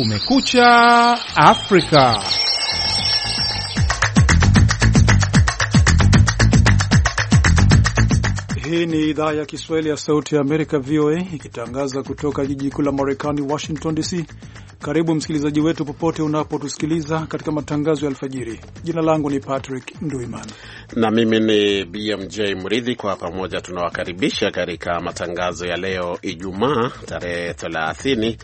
Kumekucha Afrika. Hii ni idhaa ya Kiswahili ya Sauti ya Amerika, VOA, ikitangaza kutoka jiji kuu la Marekani, Washington DC. Karibu msikilizaji wetu popote unapotusikiliza katika matangazo ya alfajiri. Jina langu ni Patrick nduiman na mimi ni BMJ Mridhi. Kwa pamoja tunawakaribisha katika matangazo ya leo Ijumaa tarehe 30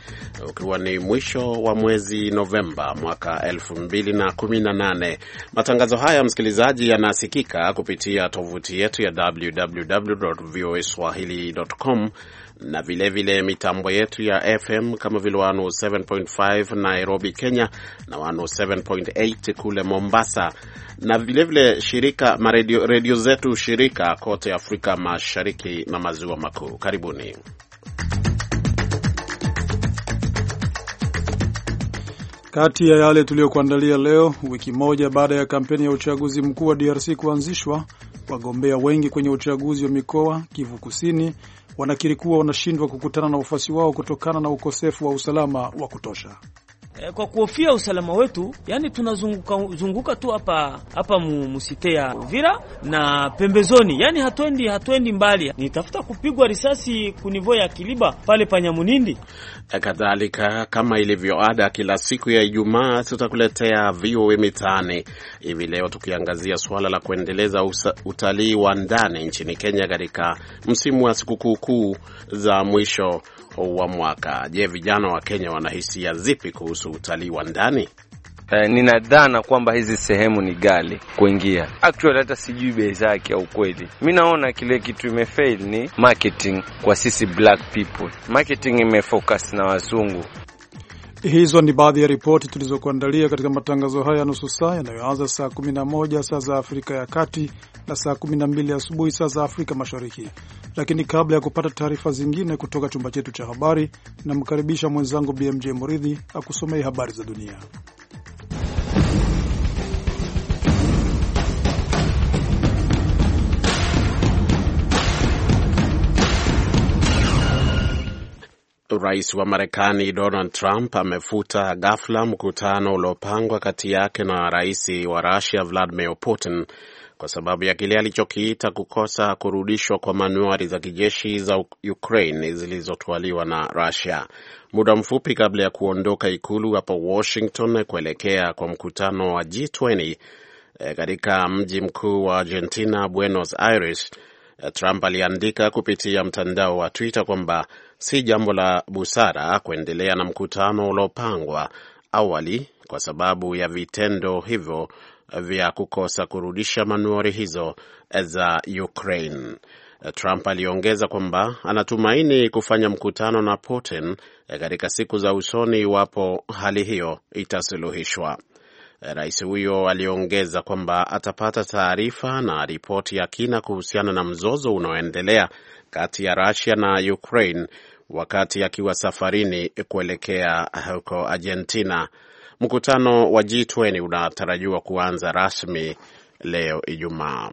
ukiwa ni mwisho wa mwezi Novemba mwaka 2018. Matangazo haya msikilizaji, yanasikika kupitia tovuti yetu ya www voa swahili.com na vilevile vile mitambo yetu ya FM kama vile 107.5 Nairobi, Kenya na 107.8 kule Mombasa, na vilevile vile shirika maredio, redio zetu shirika kote Afrika Mashariki na Maziwa Makuu. Karibuni. Kati ya yale tuliyokuandalia leo, wiki moja baada ya kampeni ya uchaguzi mkuu wa DRC kuanzishwa, wagombea wengi kwenye uchaguzi wa mikoa Kivu Kusini, wanakiri kuwa wanashindwa kukutana na wafuasi wao kutokana na ukosefu wa usalama wa kutosha eh, kwa kuhofia usalama wetu, yani tunazunguka zunguka tu hapa hapa musite ya Uvira na pembezoni, yani hatuendi hatuendi mbali, nitafuta kupigwa risasi kunivo ya Kiliba pale Panyamunindi. Kadhalika, kama ilivyo ada, kila siku ya Ijumaa tutakuletea VOA Mitaani hivi leo, tukiangazia suala la kuendeleza utalii wa ndani nchini Kenya katika msimu wa sikukuu kuu za mwisho wa mwaka. Je, vijana wa Kenya wanahisia zipi kuhusu utalii wa ndani? Uh, eh, ninadhana kwamba hizi sehemu ni gali kuingia. Actually hata sijui bei zake au kweli. mi naona kile kitu imefail ni marketing kwa sisi black people. Marketing imefocus na wazungu. Hizo ni baadhi ya ripoti tulizokuandalia katika matangazo haya nusu saa yanayoanza saa 11 saa za Afrika ya Kati na saa 12 asubuhi saa za Afrika Mashariki. Lakini kabla ya kupata taarifa zingine kutoka chumba chetu cha habari, namkaribisha mwenzangu BMJ Muridhi akusomee habari za dunia. Rais wa Marekani Donald Trump amefuta ghafla mkutano uliopangwa kati yake na rais wa Rusia Vladimir Putin kwa sababu ya kile alichokiita kukosa kurudishwa kwa manuari za kijeshi za Ukraine zilizotwaliwa na Rusia. Muda mfupi kabla ya kuondoka ikulu hapo Washington kuelekea kwa mkutano wa G20 eh, katika mji mkuu wa Argentina, Buenos Aires, Eh, Trump aliandika kupitia mtandao wa Twitter kwamba si jambo la busara kuendelea na mkutano uliopangwa awali kwa sababu ya vitendo hivyo vya kukosa kurudisha manuari hizo eh, za Ukraine. Eh, Trump aliongeza kwamba anatumaini kufanya mkutano na Putin katika siku za usoni iwapo hali hiyo itasuluhishwa. Rais huyo aliongeza kwamba atapata taarifa na ripoti ya kina kuhusiana na mzozo unaoendelea kati ya Russia na Ukraine wakati akiwa safarini kuelekea huko Argentina. Mkutano wa G20 unatarajiwa kuanza rasmi leo Ijumaa.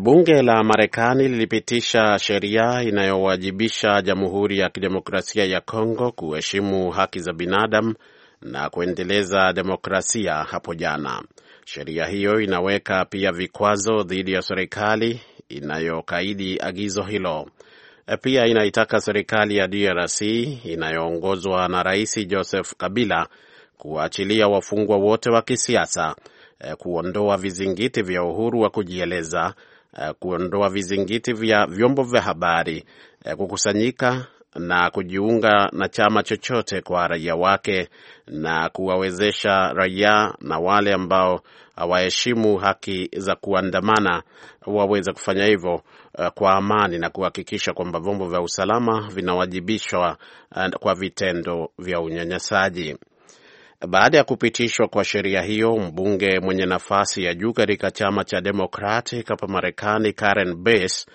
Bunge la Marekani lilipitisha sheria inayowajibisha Jamhuri ya Kidemokrasia ya Kongo kuheshimu haki za binadamu na kuendeleza demokrasia hapo jana. Sheria hiyo inaweka pia vikwazo dhidi ya serikali inayokaidi agizo hilo. Pia inaitaka serikali ya DRC inayoongozwa na Rais Joseph Kabila kuwaachilia wafungwa wote wa kisiasa, eh, kuondoa vizingiti vya uhuru wa kujieleza, eh, kuondoa vizingiti vya vyombo vya habari eh, kukusanyika na kujiunga na chama chochote kwa raia wake na kuwawezesha raia na wale ambao hawaheshimu haki za kuandamana waweze kufanya hivyo eh, kwa amani na kuhakikisha kwamba vyombo vya usalama vinawajibishwa eh, kwa vitendo vya unyanyasaji. Baada ya kupitishwa kwa sheria hiyo, mbunge mwenye nafasi ya juu katika chama cha Democratic hapa Marekani, Karen Bass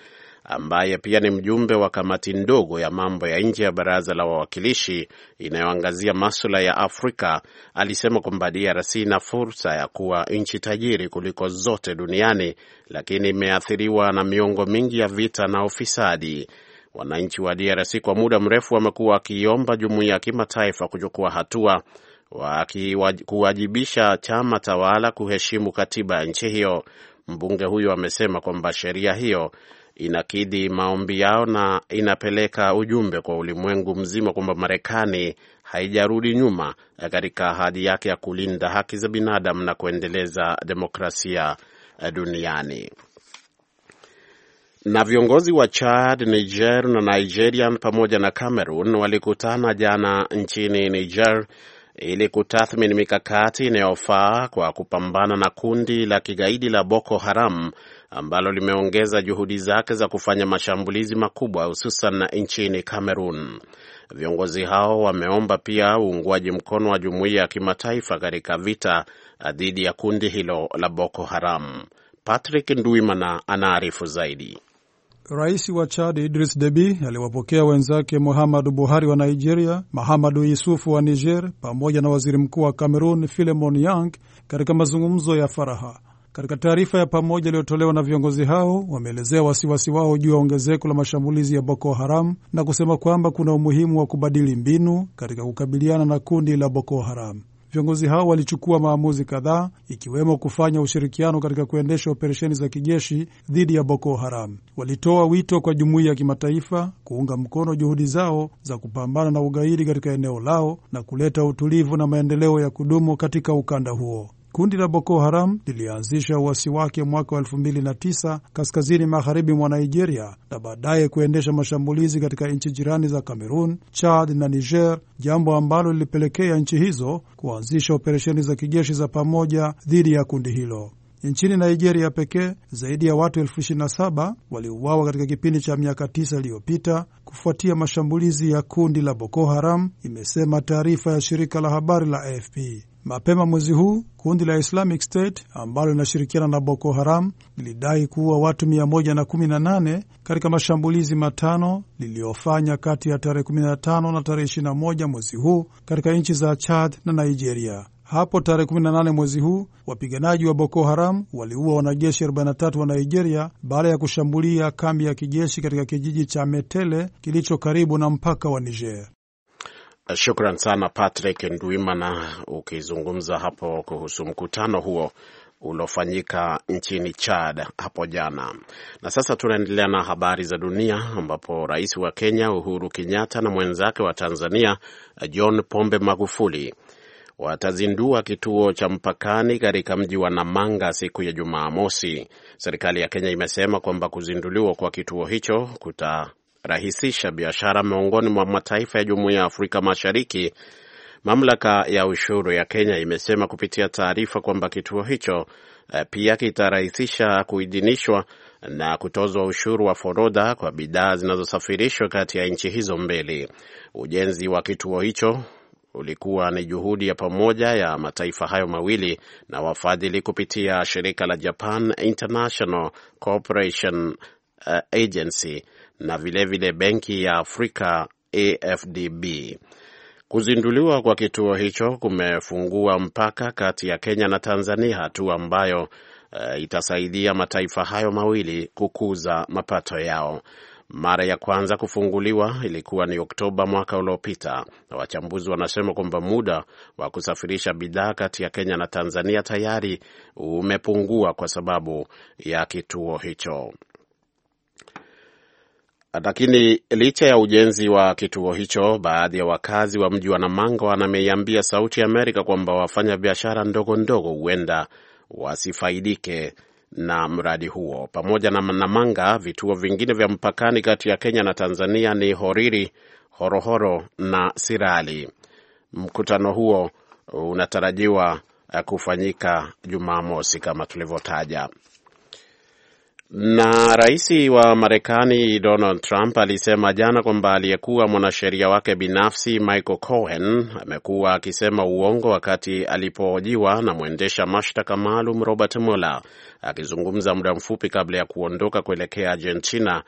ambaye pia ni mjumbe wa kamati ndogo ya mambo ya nje ya baraza la wawakilishi inayoangazia maswala ya Afrika, alisema kwamba DRC ina fursa ya kuwa nchi tajiri kuliko zote duniani, lakini imeathiriwa na miongo mingi ya vita na ufisadi. Wananchi wa DRC kwa muda mrefu wamekuwa wakiomba jumuiya ya kimataifa kuchukua hatua wakiwajibisha chama tawala kuheshimu katiba ya nchi hiyo. Mbunge huyo amesema kwamba sheria hiyo inakidhi maombi yao na inapeleka ujumbe kwa ulimwengu mzima kwamba Marekani haijarudi nyuma eh, katika ahadi yake ya kulinda haki za binadamu na kuendeleza demokrasia eh, duniani. Na viongozi wa Chad, Niger na Nigeria pamoja na Cameroon walikutana jana nchini Niger ili kutathmini mikakati inayofaa kwa kupambana na kundi la kigaidi la Boko Haram ambalo limeongeza juhudi zake za kufanya mashambulizi makubwa hususan nchini Cameroon. Viongozi hao wameomba pia uungwaji mkono wa jumuiya ya kimataifa katika vita uh, dhidi ya kundi hilo la Boko Haram. Patrick Nduimana anaarifu zaidi. Rais wa Chad Idris Deby aliwapokea wenzake Muhammadu Buhari wa Nigeria, Mahamadu Yusufu wa Niger pamoja na waziri mkuu wa Cameroon Filemon Yang katika mazungumzo ya faraha. Katika taarifa ya pamoja iliyotolewa na viongozi hao, wameelezea wasiwasi wao juu ya ongezeko la mashambulizi ya Boko Haram na kusema kwamba kuna umuhimu wa kubadili mbinu katika kukabiliana na kundi la Boko Haram. Viongozi hao walichukua maamuzi kadhaa, ikiwemo kufanya ushirikiano katika kuendesha operesheni za kijeshi dhidi ya Boko Haram. Walitoa wito kwa jumuiya ya kimataifa kuunga mkono juhudi zao za kupambana na ugaidi katika eneo lao na kuleta utulivu na maendeleo ya kudumu katika ukanda huo. Kundi la Boko Haram lilianzisha uasi wake mwaka wa 2009 kaskazini magharibi mwa Nigeria na baadaye kuendesha mashambulizi katika nchi jirani za cameroon Chad na Niger, jambo ambalo lilipelekea nchi hizo kuanzisha operesheni za kijeshi za pamoja dhidi ya kundi hilo. Nchini Nigeria pekee zaidi ya watu elfu ishirini na saba waliuawa katika kipindi cha miaka 9 iliyopita kufuatia mashambulizi ya kundi la Boko Haram, imesema taarifa ya shirika la habari la AFP. Mapema mwezi huu kundi la Islamic State ambalo linashirikiana na Boko Haram lilidai kuua watu 118 katika mashambulizi matano liliyofanya kati ya tarehe 15 na tarehe 21 mwezi huu katika nchi za Chad na Nigeria. Hapo tarehe 18 mwezi huu wapiganaji wa Boko Haram waliua wanajeshi 43 wa Nigeria baada ya kushambulia kambi ya kijeshi katika kijiji cha Metele kilicho karibu na mpaka wa Niger. Shukran sana Patrick Ndwimana, ukizungumza hapo kuhusu mkutano huo uliofanyika nchini Chad hapo jana. Na sasa tunaendelea na habari za dunia, ambapo rais wa Kenya Uhuru Kenyatta na mwenzake wa Tanzania John Pombe Magufuli watazindua kituo cha mpakani katika mji wa Namanga siku ya Jumamosi. Serikali ya Kenya imesema kwamba kuzinduliwa kwa kituo hicho kuta rahisisha biashara miongoni mwa mataifa ya Jumuiya ya Afrika Mashariki. Mamlaka ya ushuru ya Kenya imesema kupitia taarifa kwamba kituo hicho eh, pia kitarahisisha kuidhinishwa na kutozwa ushuru wa forodha kwa bidhaa zinazosafirishwa kati ya nchi hizo mbili. Ujenzi wa kituo hicho ulikuwa ni juhudi ya pamoja ya mataifa hayo mawili na wafadhili kupitia shirika la Japan International Cooperation eh, Agency na vilevile Benki ya Afrika AFDB. Kuzinduliwa kwa kituo hicho kumefungua mpaka kati ya Kenya na Tanzania, hatua ambayo uh, itasaidia mataifa hayo mawili kukuza mapato yao. Mara ya kwanza kufunguliwa ilikuwa ni Oktoba mwaka uliopita, na wachambuzi wanasema kwamba muda wa kusafirisha bidhaa kati ya Kenya na Tanzania tayari umepungua kwa sababu ya kituo hicho. Lakini licha ya ujenzi wa kituo hicho, baadhi ya wakazi wa mji wa Namanga wanameiambia Sauti ya Amerika kwamba wafanya biashara ndogo ndogo huenda wasifaidike na mradi huo. Pamoja na Namanga, vituo vingine vya mpakani kati ya Kenya na Tanzania ni Horiri, Horohoro na Sirali. Mkutano huo unatarajiwa kufanyika Jumamosi kama tulivyotaja. Na rais wa Marekani Donald Trump alisema jana kwamba aliyekuwa mwanasheria wake binafsi Michael Cohen amekuwa akisema uongo wakati alipohojiwa na mwendesha mashtaka maalum Robert Mueller. Akizungumza muda mfupi kabla ya kuondoka kuelekea Argentina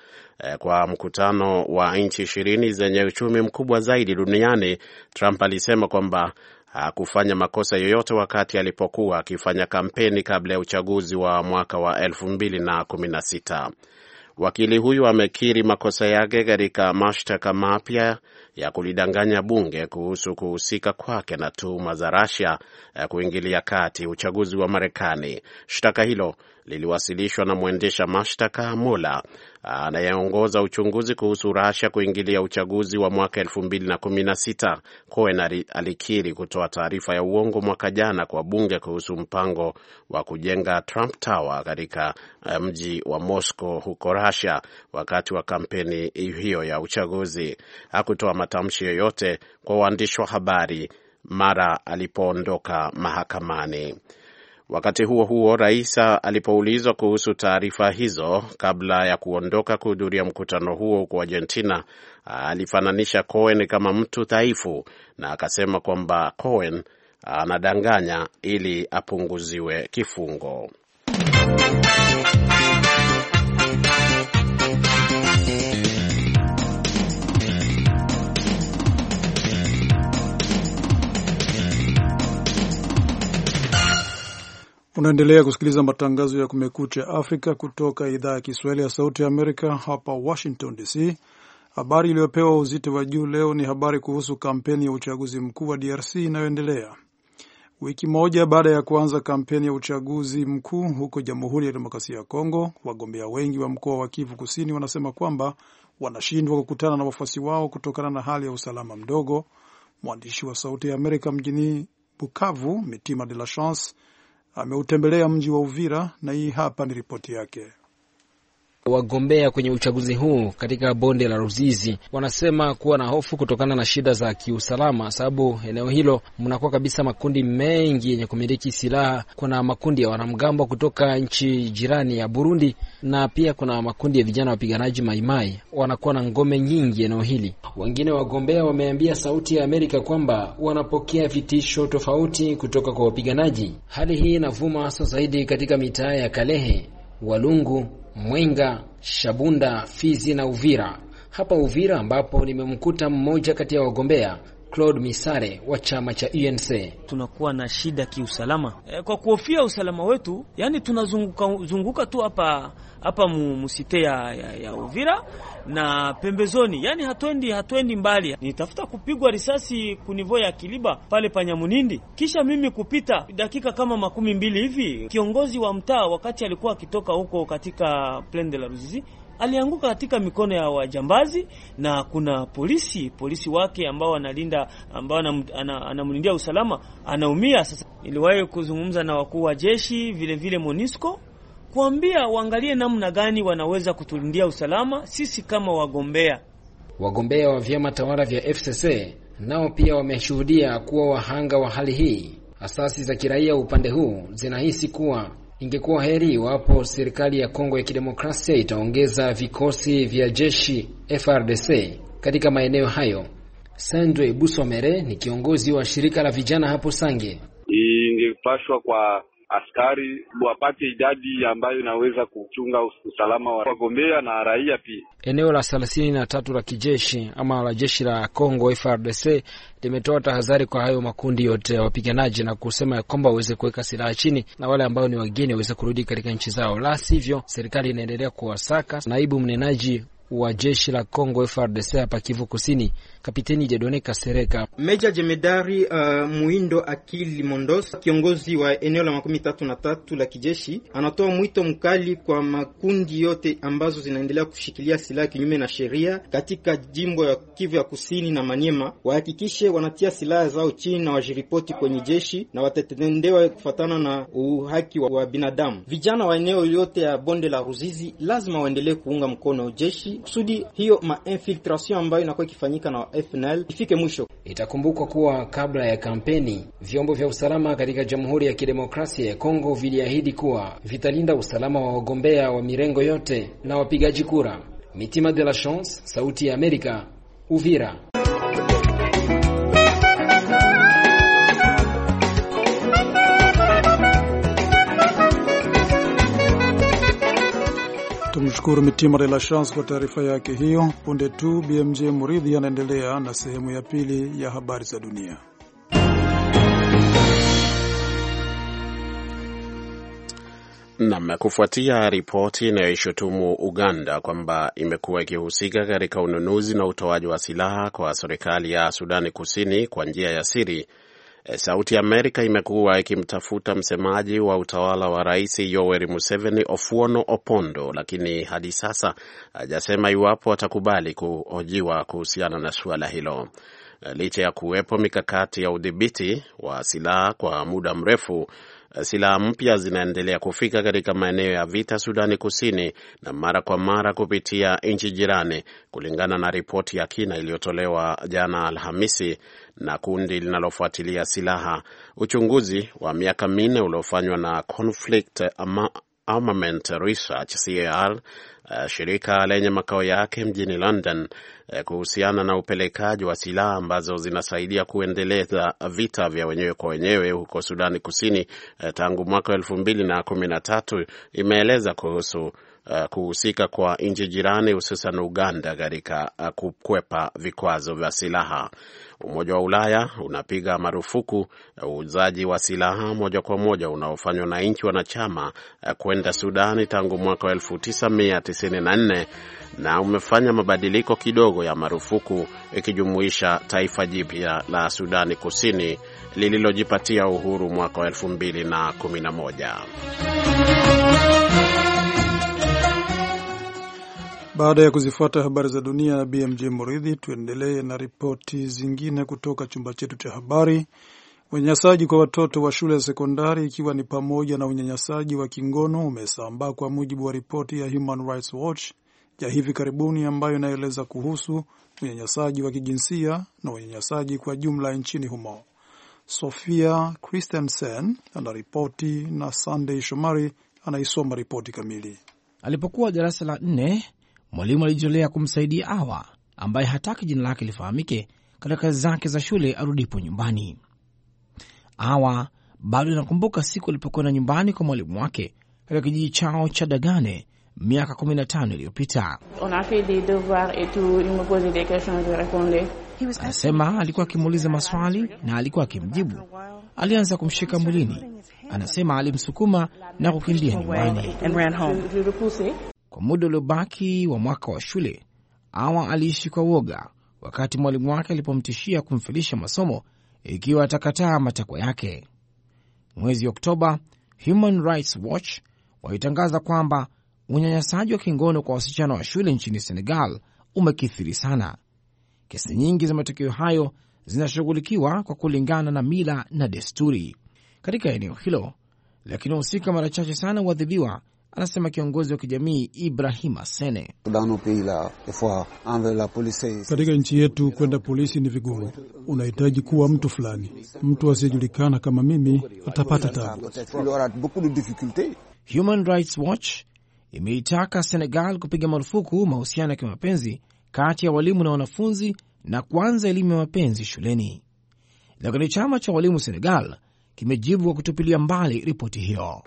eh, kwa mkutano wa nchi ishirini zenye uchumi mkubwa zaidi duniani, Trump alisema kwamba hakufanya makosa yoyote wakati alipokuwa akifanya kampeni kabla ya uchaguzi wa mwaka wa 2016. Wakili huyu amekiri makosa yake katika mashtaka mapya ya kulidanganya bunge kuhusu kuhusika kwake na tuhuma za Russia ya kuingilia kati uchaguzi wa Marekani. Shtaka hilo liliwasilishwa na mwendesha mashtaka mula anayeongoza uchunguzi kuhusu rasha kuingilia uchaguzi wa mwaka 2016. Cohen alikiri kutoa taarifa ya uongo mwaka jana kwa bunge kuhusu mpango wa kujenga Trump Tower katika eh, mji wa Moscow huko Russia wakati wa kampeni hiyo ya uchaguzi. Hakutoa matamshi yoyote kwa waandishi wa habari mara alipoondoka mahakamani. Wakati huo huo, rais alipoulizwa kuhusu taarifa hizo kabla ya kuondoka kuhudhuria mkutano huo huko Argentina, alifananisha Cohen kama mtu dhaifu na akasema kwamba Cohen anadanganya ili apunguziwe kifungo. Unaendelea kusikiliza matangazo ya Kumekucha Afrika kutoka idhaa ya Kiswahili ya Sauti ya Amerika hapa Washington DC. Habari iliyopewa uzito wa juu leo ni habari kuhusu kampeni ya uchaguzi mkuu wa DRC inayoendelea wiki moja baada ya kuanza kampeni ya uchaguzi mkuu huko Jamhuri ya Demokrasia ya Kongo. Wagombea wengi wa mkoa wa Kivu Kusini wanasema kwamba wanashindwa kukutana na wafuasi wao kutokana na hali ya usalama mdogo. Mwandishi wa Sauti ya Amerika mjini Bukavu, Mitima De La Chance ameutembelea mji wa Uvira na hii hapa ni ripoti yake. Wagombea kwenye uchaguzi huu katika bonde la Ruzizi wanasema kuwa na hofu kutokana na shida za kiusalama, sababu eneo hilo mnakuwa kabisa makundi mengi yenye kumiliki silaha. Kuna makundi ya wanamgambo kutoka nchi jirani ya Burundi, na pia kuna makundi ya vijana wapiganaji Maimai wanakuwa na ngome nyingi eneo hili. Wengine wagombea wameambia Sauti ya Amerika kwamba wanapokea vitisho tofauti kutoka kwa wapiganaji. Hali hii inavuma hasa zaidi katika mitaa ya Kalehe, Walungu Mwenga, Shabunda, Fizi na Uvira. Hapa Uvira ambapo nimemkuta mmoja kati ya wagombea Claude Misare wa chama cha UNC. E Tunakuwa na shida kiusalama e, kwa kuhofia usalama wetu, yani tunazunguka zunguka tu hapa hapa musite ya, ya, ya Uvira na pembezoni, yani hatuendi hatuendi mbali. Nitafuta kupigwa risasi kunivo ya Kiliba pale Panyamunindi, kisha mimi kupita dakika kama makumi mbili hivi, kiongozi wa mtaa wakati alikuwa akitoka huko katika plende la Ruzizi alianguka katika mikono ya wajambazi, na kuna polisi polisi wake ambao analinda ambao anamlindia usalama anaumia. Sasa niliwahi kuzungumza na wakuu wa jeshi vile vile Monisco kuambia waangalie namna gani wanaweza kutulindia usalama sisi kama wagombea. Wagombea wa vyama tawala vya FCC nao pia wameshuhudia kuwa wahanga wa hali hii. Asasi za kiraia upande huu zinahisi kuwa Ingekuwa heri iwapo serikali ya Kongo ya Kidemokrasia itaongeza vikosi vya jeshi FRDC katika maeneo hayo. Sandwe Busomere ni kiongozi wa shirika la vijana hapo Sange. Ingepashwa kwa askari wapate idadi ambayo inaweza kuchunga usalama wa wagombea na raia pia. Eneo la thelathini na tatu la kijeshi ama la jeshi la Congo FRDC limetoa tahadhari kwa hayo makundi yote ya wapiganaji na kusema ya kwamba waweze kuweka silaha chini na wale ambao ni wageni waweze kurudi katika nchi zao, la sivyo serikali inaendelea kuwasaka. Naibu mnenaji wa jeshi la Congo FRDC hapa Kivu Kusini, Kapiteni Jedone Kasereka. Meja Jemedari uh, Muindo Akili Mondos, kiongozi wa eneo la makumi tatu na tatu la kijeshi, anatoa mwito mkali kwa makundi yote ambazo zinaendelea kushikilia silaha kinyume na sheria katika jimbo ya Kivu ya Kusini na manyema wahakikishe wanatia silaha zao chini na wajiripoti kwenye jeshi na watatendewa kufatana na uhaki wa, wa binadamu. Vijana wa eneo yote ya bonde la Ruzizi lazima waendelee kuunga mkono jeshi kusudi hiyo mainfiltration ambayo inakuwa ikifanyika na FNL ifike mwisho. Itakumbukwa kuwa kabla ya kampeni, vyombo vya usalama katika Jamhuri ya Kidemokrasia ya Kongo viliahidi kuwa vitalinda usalama wa wagombea wa mirengo yote na wapigaji kura. Mitima de la Chance, Sauti ya Amerika, Uvira. Tumshukuru Mitima de la Chance kwa taarifa yake hiyo. Punde tu BMJ Muridhi anaendelea na sehemu ya pili ya habari za dunia. Nam, kufuatia ripoti inayoishutumu Uganda kwamba imekuwa ikihusika katika ununuzi na utoaji wa silaha kwa serikali ya Sudani Kusini kwa njia ya siri, Eh, Sauti Amerika imekuwa ikimtafuta msemaji wa utawala wa Rais Yoweri Museveni, Ofuono Opondo, lakini hadi sasa hajasema iwapo atakubali kuhojiwa kuhusiana na suala hilo. Eh, licha ya kuwepo mikakati ya udhibiti wa silaha kwa muda mrefu, eh, silaha mpya zinaendelea kufika katika maeneo ya vita Sudani Kusini na mara kwa mara kupitia nchi jirani, kulingana na ripoti ya kina iliyotolewa jana Alhamisi na kundi linalofuatilia silaha. Uchunguzi wa miaka minne uliofanywa na Conflict Armament Research CAR, uh, eh, shirika lenye makao yake mjini London, uh, kuhusiana na upelekaji wa silaha ambazo zinasaidia kuendeleza vita vya wenyewe kwa wenyewe huko Sudani Kusini, uh, tangu mwaka elfu mbili na kumi na tatu imeeleza kuhusu Uh, kuhusika kwa nchi jirani hususan Uganda katika uh, kukwepa vikwazo vya silaha. Umoja wa Ulaya unapiga marufuku uuzaji wa silaha moja kwa moja unaofanywa na nchi wanachama uh, kwenda Sudani tangu mwaka wa 1994 na umefanya mabadiliko kidogo ya marufuku ikijumuisha taifa jipya la Sudani Kusini lililojipatia uhuru mwaka wa 2011. Baada ya kuzifuata habari za dunia na BMJ Muridhi, tuendelee na ripoti zingine kutoka chumba chetu cha habari. Unyanyasaji kwa watoto wa shule ya sekondari ikiwa ni pamoja na unyanyasaji wa kingono umesambaa kwa mujibu wa ripoti ya Human Rights Watch ya hivi karibuni ambayo inaeleza kuhusu unyanyasaji wa kijinsia na unyanyasaji kwa jumla nchini humo. Sofia Christensen anaripoti na Sandey Shomari anaisoma ripoti kamili. Alipokuwa darasa la nne, Mwalimu alijitolea kumsaidia Awa ambaye hataki jina lake lifahamike katika kazi zake za shule arudipo nyumbani. Awa bado anakumbuka siku alipokwenda nyumbani kwa mwalimu wake katika kijiji chao cha Dagane miaka 15 iliyopita. Anasema alikuwa akimuuliza maswali na alikuwa akimjibu. Alianza kumshika mwilini, anasema alimsukuma na kukimbia nyumbani. Kwa muda uliobaki wa mwaka wa shule, Awa aliishi kwa woga wakati mwalimu wake alipomtishia kumfilisha masomo ikiwa atakataa matakwa yake. Mwezi Oktoba, Human Rights Watch walitangaza kwamba unyanyasaji wa kingono kwa wasichana wa shule nchini Senegal umekithiri sana. Kesi nyingi za matukio hayo zinashughulikiwa kwa kulingana na mila na desturi katika eneo hilo, lakini wahusika mara chache sana huadhibiwa anasema kiongozi wa kijamii Ibrahima Asene. Katika nchi yetu kwenda polisi ni vigumu, unahitaji kuwa mtu fulani. Mtu asiyejulikana kama mimi atapata tabu. Human Rights Watch imeitaka Senegal kupiga marufuku mahusiano ya kimapenzi kati ya walimu na wanafunzi na kuanza elimu ya mapenzi shuleni, lakini chama cha walimu Senegal kimejibu kwa kutupilia mbali ripoti hiyo.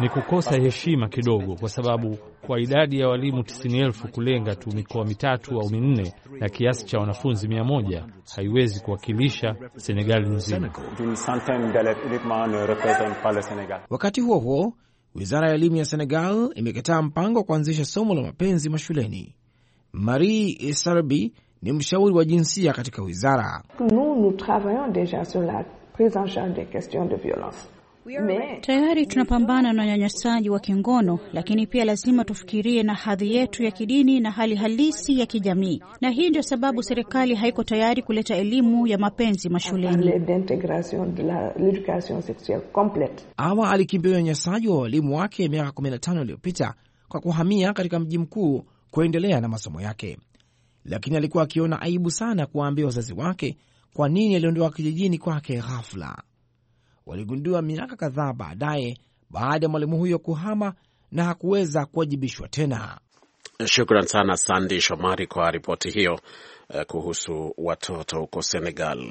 Ni kukosa heshima kidogo, kwa sababu kwa idadi ya walimu tisini elfu kulenga tu mikoa mitatu au minne na kiasi cha wanafunzi mia moja haiwezi kuwakilisha Senegali nzima. Wakati huo huo, wizara ya elimu ya Senegal imekataa mpango wa kuanzisha somo la mapenzi mashuleni. Marie Sarbi ni mshauri wa jinsia katika wizara. Nous, nous Tayari tunapambana na unyanyasaji wa kingono, lakini pia lazima tufikirie na hadhi yetu ya kidini na hali halisi ya kijamii, na hii ndio sababu serikali haiko tayari kuleta elimu ya mapenzi mashuleni. Awa alikimbia unyanyasaji wa walimu wake miaka 15 iliyopita kwa kuhamia katika mji mkuu kuendelea na masomo yake, lakini alikuwa akiona aibu sana kuwaambia wazazi wake kwa nini aliondoka kijijini kwake ghafla waligundua miaka kadhaa baadaye baada ya mwalimu huyo kuhama na hakuweza kuwajibishwa tena. Shukran sana Sandi Shomari kwa ripoti hiyo. Eh, kuhusu watoto huko Senegal.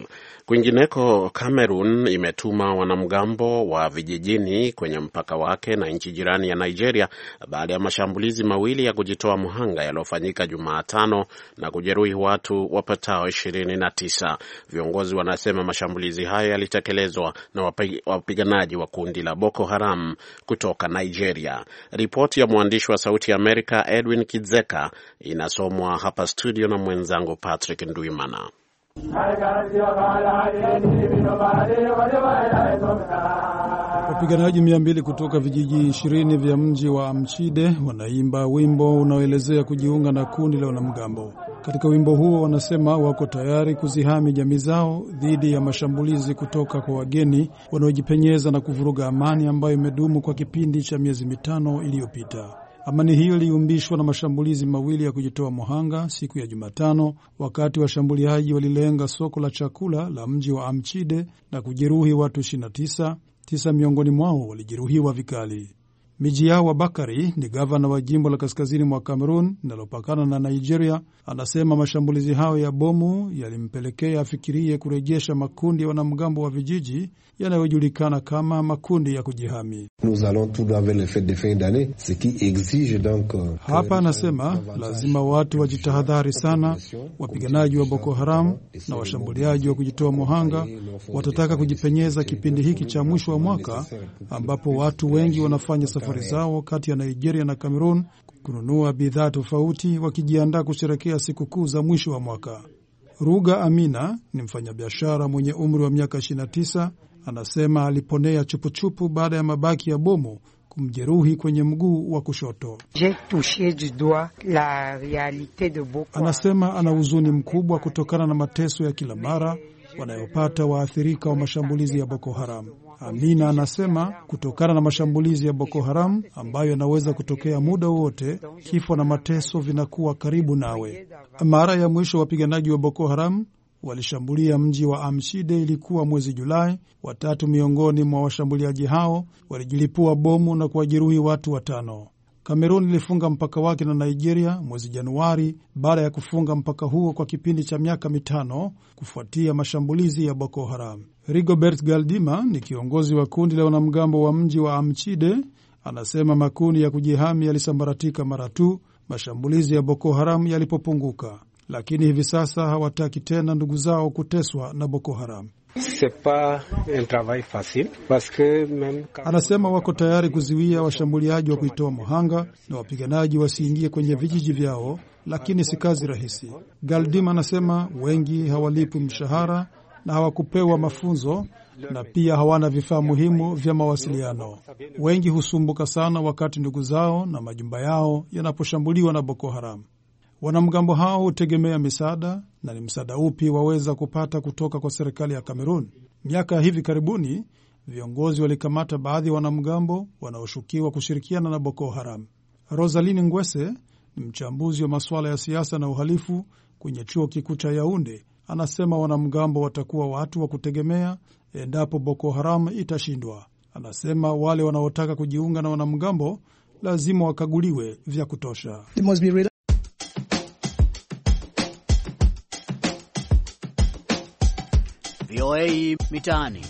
Kwingineko, Cameroon imetuma wanamgambo wa vijijini kwenye mpaka wake na nchi jirani ya Nigeria baada ya mashambulizi mawili ya kujitoa mhanga yaliyofanyika Jumatano na kujeruhi watu wapatao tisa. Viongozi wanasema mashambulizi hayo yalitekelezwa na wapiganaji wa kundi la Boko Haram kutoka Nigeria. Ripoti ya mwandishi wa Sauti ya Amerika Edwin Kidzeka inasomwa hapa studio na mwenzangu Patrick Nduimana. Wapiganaji mia mbili kutoka vijiji ishirini vya mji wa Amchide wanaimba wimbo unaoelezea kujiunga na kundi la wanamgambo. Katika wimbo huo wanasema wako tayari kuzihami jamii zao dhidi ya mashambulizi kutoka kwa wageni wanaojipenyeza na kuvuruga amani ambayo imedumu kwa kipindi cha miezi mitano iliyopita. Amani hiyo iliyumbishwa na mashambulizi mawili ya kujitoa muhanga siku ya Jumatano, wakati washambuliaji walilenga soko la chakula la mji wa Amchide na kujeruhi watu 29. Tisa miongoni mwao walijeruhiwa vikali miji yao wa Bakari ni gavana wa jimbo la kaskazini mwa Kamerun linalopakana na Nigeria, anasema mashambulizi hayo ya bomu yalimpelekea afikirie kurejesha makundi ya wanamgambo wa vijiji yanayojulikana kama makundi ya kujihami. Hapa anasema lazima watu wajitahadhari sana. Wapiganaji wa Boko Haram na washambuliaji wa kujitoa muhanga watataka kujipenyeza kipindi hiki cha mwisho wa mwaka ambapo watu wengi wanafanya safari zao kati ya Nigeria na Cameroon kununua bidhaa tofauti, wakijiandaa kusherekea sikukuu za mwisho wa mwaka. Ruga Amina ni mfanyabiashara mwenye umri wa miaka 29. Anasema aliponea chupuchupu baada ya mabaki ya bomu kumjeruhi kwenye mguu wa kushoto. Anasema ana huzuni mkubwa kutokana na mateso ya kila mara wanayopata waathirika wa mashambulizi ya Boko Haram. Amina anasema kutokana na mashambulizi ya Boko Haram ambayo yanaweza kutokea muda wowote, kifo na mateso vinakuwa karibu nawe. Mara ya mwisho wapiganaji wa Boko Haram walishambulia mji wa Amshide ilikuwa mwezi Julai. Watatu miongoni mwa washambuliaji hao walijilipua bomu na kuwajeruhi watu watano. Kamerun ilifunga mpaka wake na Nigeria mwezi Januari baada ya kufunga mpaka huo kwa kipindi cha miaka mitano kufuatia mashambulizi ya Boko Haram. Rigobert Galdima ni kiongozi wa kundi la wanamgambo wa mji wa Amchide, anasema makundi ya kujihami yalisambaratika mara tu mashambulizi ya Boko Haram yalipopunguka, lakini hivi sasa hawataki tena ndugu zao kuteswa na Boko Haram. Anasema wako tayari kuziwia washambuliaji wa kuitoa muhanga na wapiganaji wasiingie kwenye vijiji vyao, lakini si kazi rahisi. Galdim anasema wengi hawalipwi mshahara na hawakupewa mafunzo na pia hawana vifaa muhimu vya mawasiliano. Wengi husumbuka sana wakati ndugu zao na majumba yao yanaposhambuliwa na Boko Haram. Wanamgambo hao hutegemea misaada, na ni msaada upi waweza kupata kutoka kwa serikali ya Kamerun? Miaka ya hivi karibuni viongozi walikamata baadhi ya wanamgambo wanaoshukiwa kushirikiana na Boko Haram. rosalin Ngwese ni mchambuzi wa masuala ya siasa na uhalifu kwenye chuo kikuu cha Yaunde. Anasema wanamgambo watakuwa watu wa kutegemea endapo Boko Haram itashindwa. Anasema wale wanaotaka kujiunga na wanamgambo lazima wakaguliwe vya kutosha. VOA Mitaani.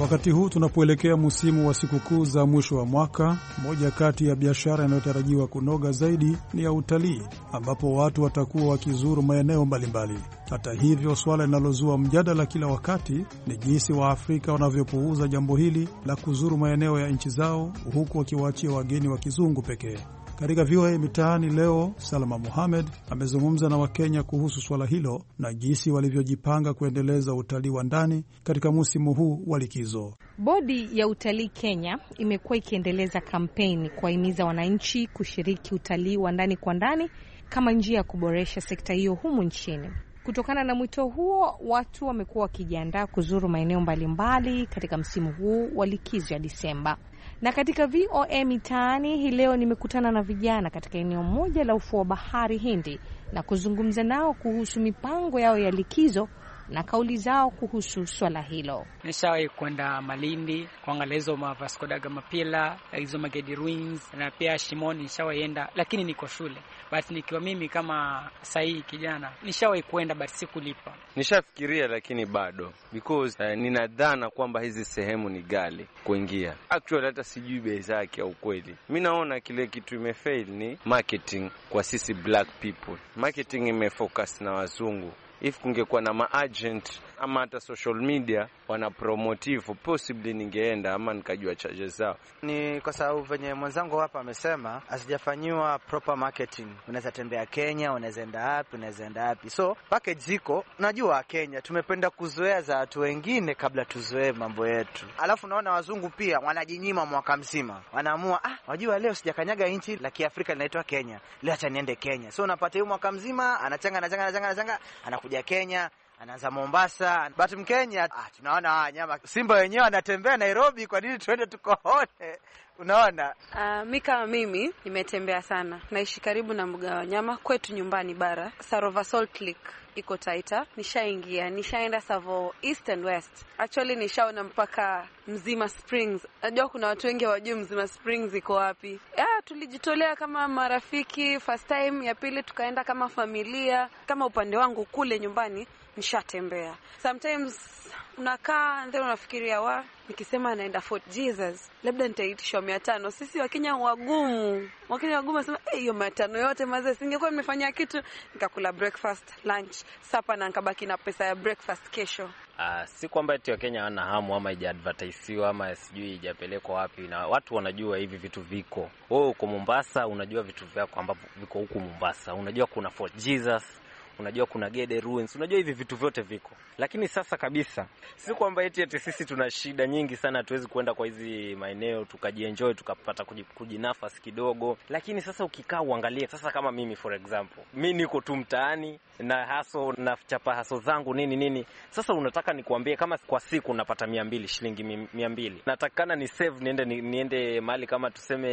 Wakati huu tunapoelekea msimu wa sikukuu za mwisho wa mwaka, moja kati ya biashara inayotarajiwa kunoga zaidi ni ya utalii, ambapo watu watakuwa wakizuru maeneo mbalimbali. Hata hivyo, suala linalozua mjadala kila wakati ni jinsi Waafrika wanavyopuuza jambo hili la kuzuru maeneo ya nchi zao, huku wakiwaachia wageni wa kizungu pekee. Katika VOA Mitaani leo, Salma muhamed amezungumza na Wakenya kuhusu swala hilo na jinsi walivyojipanga kuendeleza utalii wa ndani katika msimu huu wa likizo. Bodi ya utalii Kenya imekuwa ikiendeleza kampeni kuwahimiza wananchi kushiriki utalii wa ndani kwa ndani kama njia ya kuboresha sekta hiyo humu nchini. Kutokana na mwito huo, watu wamekuwa wakijiandaa kuzuru maeneo mbalimbali katika msimu huu wa likizo ya Disemba. Na katika VOA Mitaani hii leo nimekutana na vijana katika eneo moja la ufuo wa bahari Hindi na kuzungumza nao kuhusu mipango yao ya likizo na kauli zao kuhusu swala hilo. Nishawahi kwenda Malindi kuangalia hizo Vasco da Gama pila hizo Magedi Ruins na pia Shimoni nishawaienda, lakini niko shule Basi nikiwa mimi kama sahii kijana nishawahi kuenda basi sikulipa. Nishafikiria lakini bado because uh, ninadhana kwamba hizi sehemu ni gali kuingia. Actually hata sijui bei zake au kweli. Mi naona kile kitu imefail ni marketing kwa sisi black people. Marketing imefocus na wazungu if kungekuwa na maagent ama hata social media promotive, possibly ningeenda ama nikajua charges zao. Ni kwa sababu venye mwenzangu hapa amesema hazijafanyiwa proper marketing. Unaweza tembea Kenya, unaweza enda wapi, unaweza enda wapi, so package ziko najua. Kenya tumependa kuzoea za watu wengine kabla tuzoee mambo yetu, alafu naona wazungu pia wanajinyima mwaka mzima, wanaamua ah, wajua leo sijakanyaga nchi la Kiafrika linaitwa Kenya, leo acha niende Kenya. So unapata hiyo mwaka mzima anachanga anachanga anachanga anachanga, anakuja Kenya anaanza Mombasa, but Mkenya ah, tunaona nyama simba wenyewe anatembea Nairobi, kwa nini tuende tukoone? Unaona uh, mi kama mimi nimetembea sana, naishi karibu na mbuga ya wanyama kwetu nyumbani bara, Sarova Salt Lake iko Taita, nishaingia nishaenda Savo East and West, actually nishaona mpaka Mzima Springs. Najua kuna watu wengi hawajui Mzima Springs iko wapi. Ah, tulijitolea kama marafiki first time, ya pili tukaenda kama familia. Kama upande wangu kule nyumbani nishatembea. Sometimes unakaa then unafikiria wa nikisema naenda Fort Jesus labda nitaitishwa mia tano. Sisi Wakenya wagumu, Wakenya wagumu nasema eh, hiyo hey, mia tano yote mazee, singekuwa nimefanya kitu nikakula breakfast, lunch, supper na nkabaki na pesa ya breakfast kesho. Uh, si kwamba eti Wakenya hawana hamu ama ijaadvertisiwa ama sijui ijapelekwa wapi, na watu wanajua hivi vitu viko. Wewe uko Mombasa, unajua vitu vyako ambavyo viko huku Mombasa, unajua kuna Fort Jesus unajua kuna Gede ruins, unajua hivi vitu vyote viko. Lakini sasa kabisa, si kwamba eti eti sisi tuna shida nyingi sana, hatuwezi kwenda kwa hizi maeneo tukajienjoy tukapata kujinafasi kidogo. Lakini sasa ukikaa uangalie, sasa kama mimi for example, mi niko tu mtaani na haso na chapa haso zangu nini nini. Sasa unataka nikuambie kama kwa siku napata mia mbili shilingi mia mbili natakikana ni save niende ni, niende mahali kama tuseme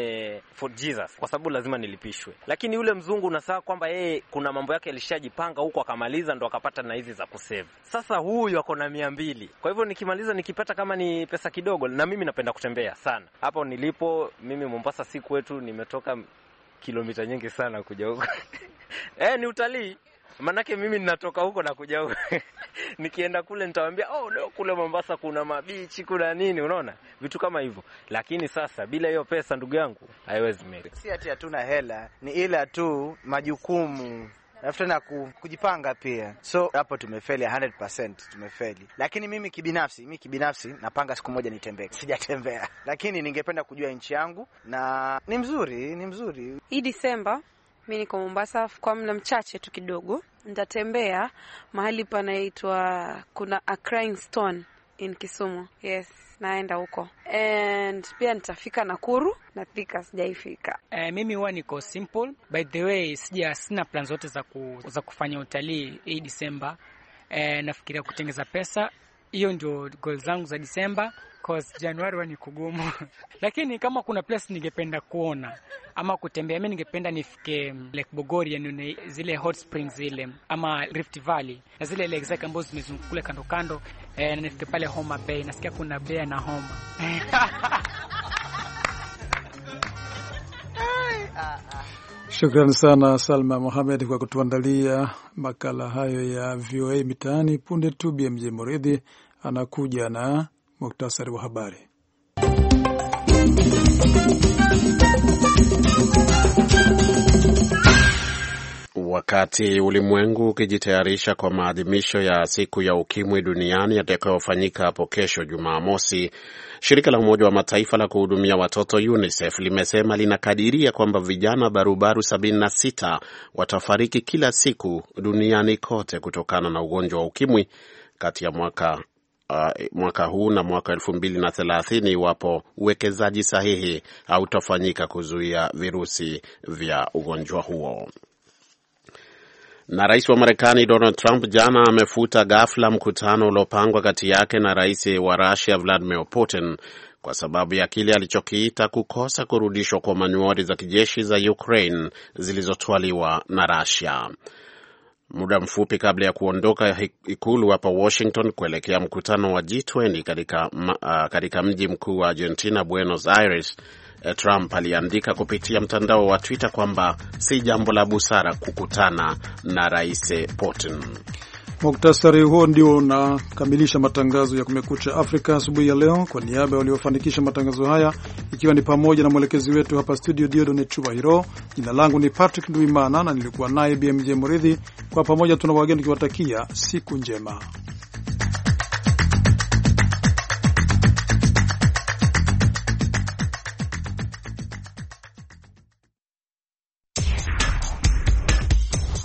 Fort Jesus, kwa sababu lazima nilipishwe. Lakini yule mzungu unasaa kwamba yeye eh, kuna mambo yake alishajipanga kuchanga huko akamaliza, ndo akapata na hizi za kusave. Sasa huyu ako na mia mbili, kwa hivyo nikimaliza nikipata kama ni pesa kidogo, na mimi napenda kutembea sana. Hapo nilipo mimi Mombasa si kwetu, nimetoka kilomita nyingi sana kuja huko e, ni utalii maanake mimi ninatoka huko na kuja huko nikienda kule nitawaambia, oh leo kule Mombasa kuna mabichi, kuna nini, unaona vitu kama hivyo. Lakini sasa bila hiyo pesa, ndugu yangu, haiwezi mimi. Si ati hatuna hela, ni ila tu majukumu alafu na kujipanga pia. So hapo tumefeli 100%, tumefeli. Lakini mimi kibinafsi, mimi kibinafsi napanga siku moja nitembee. Sijatembea, lakini ningependa kujua nchi yangu, na ni mzuri, ni mzuri. Hii Disemba mi niko Mombasa kwa muda mchache tu kidogo, nitatembea mahali panaitwa kuna a crying stone in Kisumu. Yes naenda huko and pia nitafika Nakuru, nafika sijaifika. Uh, mimi huwa niko simple by the way, sija sina plan zote za, ku, za kufanya utalii hii Disemba. Uh, eh, nafikiria kutengeza pesa, hiyo ndio goal zangu za Disemba cause Januari wani kugumu lakini kama kuna place ningependa kuona ama kutembea, mi ningependa nifike mm, Lake Bogoria, nione zile hot springs zile ama Rift Valley na zile lake zake ambazo zimezunguka kule kando kando, E, nifike pale Homa Bay, nasikia kuna bea na homa Shukran sana Salma Mohamed kwa kutuandalia makala hayo ya VOA Mitaani. Punde tu BMJ Muridhi anakuja na muktasari wa habari. Wakati ulimwengu ukijitayarisha kwa maadhimisho ya siku ya ukimwi duniani yatakayofanyika hapo kesho Jumamosi, shirika la Umoja wa Mataifa la kuhudumia watoto UNICEF limesema linakadiria kwamba vijana barubaru 76 watafariki kila siku duniani kote kutokana na ugonjwa wa ukimwi kati ya mwaka Uh, mwaka huu na mwaka 230 iwapo uwekezaji sahihi hautafanyika kuzuia virusi vya ugonjwa huo. Na rais wa Marekani Donald Trump jana amefuta ghafla mkutano uliopangwa kati yake na rais wa rusia Vladimir Putin kwa sababu ya kile alichokiita kukosa kurudishwa kwa manuari za kijeshi za Ukraine zilizotwaliwa na rusia Muda mfupi kabla ya kuondoka ikulu hapa Washington kuelekea mkutano wa G20 katika, uh, katika mji mkuu wa Argentina Buenos Aires, Eh, Trump aliandika kupitia mtandao wa Twitter kwamba si jambo la busara kukutana na Rais Putin. Muktasari huo ndio unakamilisha matangazo ya Kumekucha Afrika asubuhi ya leo. Kwa niaba ya waliofanikisha matangazo haya, ikiwa ni pamoja na mwelekezi wetu hapa studio Diodone hiro jina langu ni Patrick Nduimana na nilikuwa naye BMJ Muridhi. Kwa pamoja, tuna wageni tukiwatakia siku njema.